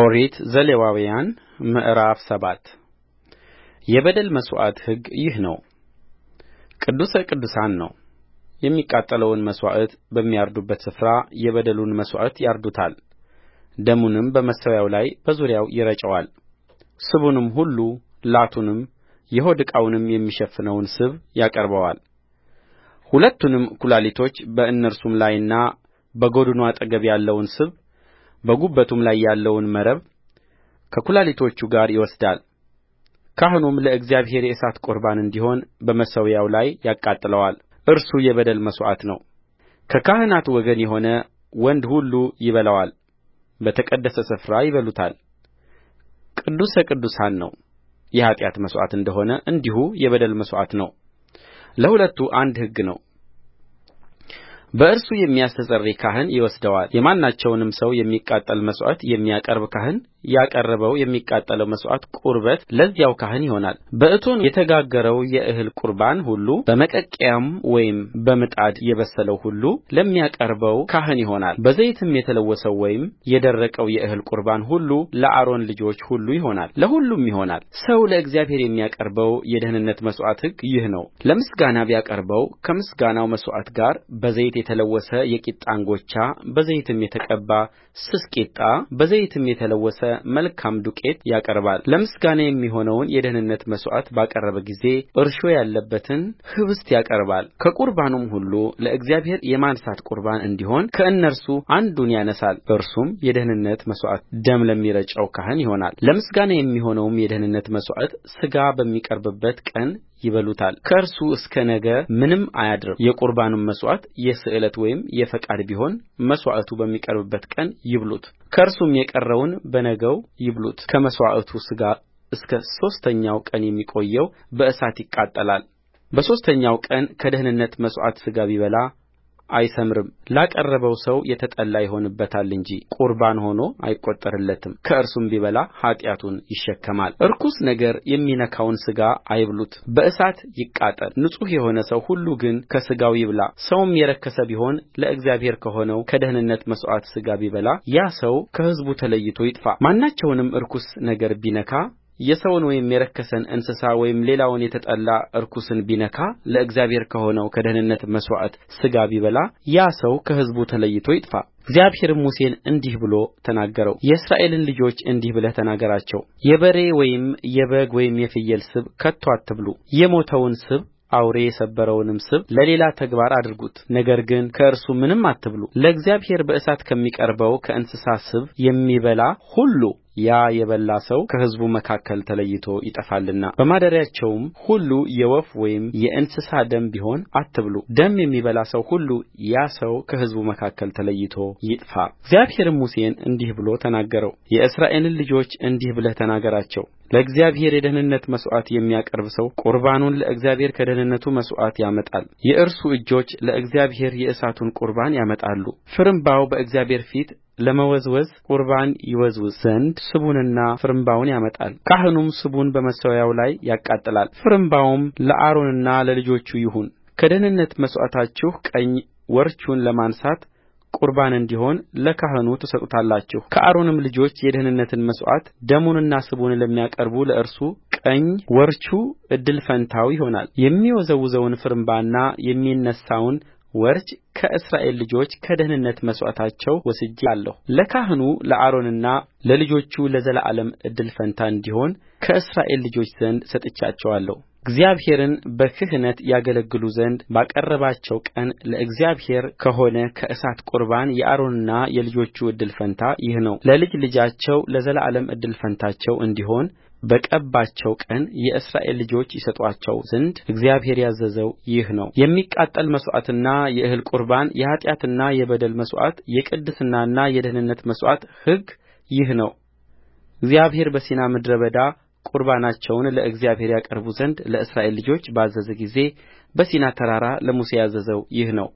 ኦሪት ዘሌዋውያን ምዕራፍ ሰባት የበደል መሥዋዕት ሕግ ይህ ነው ቅዱስ ቅዱሳን ነውየሚቃጠለውን መሥዋዕት በሚያርዱበት ስፍራ የበደሉን መሥዋዕት ያርዱታል ደሙንም በመሠዊያው ላይ በዙሪያው ይረጨዋል ስቡንም ሁሉ ላቱንም የሆድ ዕቃውንም የሚሸፍነውን ስብ ያቀርበዋል ሁለቱንም ኵላሊቶች በእነርሱም ላይና በጎድኑ አጠገብ ያለውን ስብ በጉበቱም ላይ ያለውን መረብ ከኵላሊቶቹ ጋር ይወስዳል ካህኑም ለእግዚአብሔር የእሳት ቍርባን እንዲሆን በመሠዊያው ላይ ያቃጥለዋል እርሱ የበደል መሥዋዕት ከካህናት ወገን የሆነ ወንድ ሁሉ ይበላዋል በተቀደሰ ስፍራ ይበሉታል ቅዱስ ቅዱሳን ነው የኃጢአት መሥዋዕት እንደ ሆነ እንዲሁ የበደል መሥዋዕት ነው ለሁለቱ አንድ ሕግ ነው በእርሱ የሚያስተሰርይ ካህን ይወስደዋል የማናቸውንም ሰው የሚቃጠል መሥዋዕት የሚያቀርብ ካህን ያቀረበው የሚቃጠለው መሥዋዕት ቁርበት ለዚያው ካህን ይሆናልበእቶን የተጋገረው የእህል ቍርባን ሁሉ በመቀቀያም ወይም በምጣድ የበሰለው ሁሉ ለሚያቀርበው ካህን ይሆናልበዘይትም የተለወሰው ወይም የደረቀው የእህል ቍርባን ሁሉ ለአሮን ልጆች ሁሉ ይሆናል ለሁሉም ይሆናልሰው ለእግዚአብሔር የሚያቀርበው የደኅንነት መሥዋዕት ሕግ ይህ ነው። ለምስጋና ቢያቀርበው ከምስጋናው መሥዋዕት ጋር በዘይት የተለወሰ የቂጣ እንጎቻ በዘይትም የተቀባ ስስ ቂጣ በዘይትም የተለወሰ መልካም ዱቄት ያቀርባል ለምስጋና የሚሆነውን የደኅንነት መሥዋዕት ባቀረበ ጊዜ እርሾ ያለበትን ኅብስት ያቀርባል ከቍርባኑም ሁሉ ለእግዚአብሔር የማንሣት ቍርባን እንዲሆን ከእነርሱ አንዱን ያነሣል እርሱም የደኅንነት መሥዋዕት ደም ለሚረጨው ካህን ይሆናልለምስጋና የሚሆነውም የደኅንነት መሥዋዕት ሥጋ በሚቀርብበት ቀን ይበሉታል ከእርሱ እስከ ነገ ምንም አያድርምየቍርባኑም መሥዋዕት የስእለት ወይም የፈቃድ ቢሆን መሥዋዕቱ በሚቀርብበት ቀን ይብሉት ከእርሱም የቀረውን በነጋው ከመሥዋዕቱ ሥጋ እስከ ሦስተኛው ቀን የሚቆየው በእሳት ይቃጠላልበሦስተኛው ቀን ከደኅንነት መሥዋዕት ሥጋ ቢበላ አይሠምርም ላቀረበው ሰው የተጠላ ይሆንበታል እንጂ ቍርባን ሆኖ ከእርሱም ቢበላ ኃጢአቱን ይሸከማልርኩስ ነገር የሚነካውን ሥጋ አይብሉት በእሳት ይቃጠል ንጹሕ የሆነ ሰው ሁሉ ግን ከሥጋው ይብላሰውም የረከሰ ቢሆን ለእግዚአብሔር ከሆነው ከደኅንነት መሥዋዕት ሥጋ ቢበላ ያ ሰው ከሕዝቡ ተለይቶ ይጥፋ ማናቸውንም ርኩስ ነገር ቢነካ የሰውን ወይም የረከሰን እንስሳ ወይም ሌላውን የተጠላ ርኩስን ቢነካ ለእግዚአብሔር ከሆነው ከደኅንነት መሥዋዕት ሥጋ ቢበላ ያ ሰው ከሕዝቡ ተለይቶ ይጥፋእግዚአብሔርም ሙሴን እንዲህ ብሎ ተናገረውየእስራኤልን ልጆች እንዲህ ብለህ ተናገራቸው የበሬ ወይም የበግ ወይም የፍየል ስብ ከቶ አትብሉ የሞተውን ስብ አውሬ የሰበረውንም ስብ ለሌላ ተግባር አድርጉት፣ ነገር ግን ከእርሱ ምንም አትብሉ። ለእግዚአብሔር በእሳት ከሚቀርበው ከእንስሳ ስብ የሚበላ ሁሉ ያ የበላ ሰው ከሕዝቡ መካከል ተለይቶ ይጠፋልና በማደሪያቸውም ሁሉ የወፍ ወይም የእንስሳ ደም ቢሆን አትብሉደም የሚበላ ሰው ሁሉ ያ ሰው ከሕዝቡ መካከል ተለይቶ ይጥፋእግዚአብሔርም ሙሴን እንዲህ ብሎ ተናገረውየእስራኤልን ልጆች እንዲህ ብለህ ተናገራቸው ለእግዚአብሔር የደኅንነት መሥዋዕት የሚያቀርብ ሰው ቁርባኑን ለእግዚአብሔር ከደኅንነቱ መሥዋዕት ያመጣል። የእርሱ እጆች ለእግዚአብሔር የእሳቱን ቁርባን ያመጣሉ። ፍርምባው በእግዚአብሔር ፊት ለመወዝወዝ ቍርባን ይወዘውዝ ዘንድ ስቡንና ፍርምባውን ያመጣልካህኑም ስቡን በመሠዊያው ላይ ያቃጥላል ፍርምባውም ለአሮንና ለልጆቹ ይሁን ከደኅንነት መሥዋዕታችሁ ቀኝ ወርቹን ለማንሣት ቍርባን እንዲሆን ለካህኑ ትሰጡታላችሁከአሮንም ልጆች የደኅንነትን መሥዋዕት ደሙንና ስቡን ለሚያቀርቡ ለእርሱ ቀኝ ወርቹ እድል ፈንታው ይሆናል የሚወዘወዘውን ፍርምባና የሚነሣውን ወርች ከእስራኤል ልጆች ከደኅንነት መሥዋዕታቸው ወስጄአለሁ ለካህኑ ለአሮንና ለልጆቹ ለዘላለም እድል ፈንታ እንዲሆን ከእስራኤል ልጆች ዘንድ ሰጥቼአቸዋለሁ እግዚአብሔርን በክህነት ያገለግሉ ዘንድ ባቀረባቸው ቀን ለእግዚአብሔር ከሆነ ከእሳት ቍርባን የአሮንና የልጆቹ እድል ፈንታ ይህ ነውለልጅ ልጃቸው ለዘላለም እድል ፈንታቸው እንዲሆን በቀባቸው ቀን የእስራኤል ልጆች ይሰጡአቸው ዘንድ እግዚአብሔር ያዘዘው ይህ ነውየሚቃጠል መሥዋዕትና የእህል ቍርባን የኃጢአትና የበደል መሥዋዕት የቅድስናና የደኅንነት መሥዋዕት ሕግ ይህ ነው እግዚአብሔር በሲና ምድረ በዳ ቍርባናቸውን ለእግዚአብሔር ያቀርቡ ዘንድ ለእስራኤል ልጆች ባዘዘ ጊዜ በሲና ተራራ ለሙሴ ያዘዘው ይህ ነው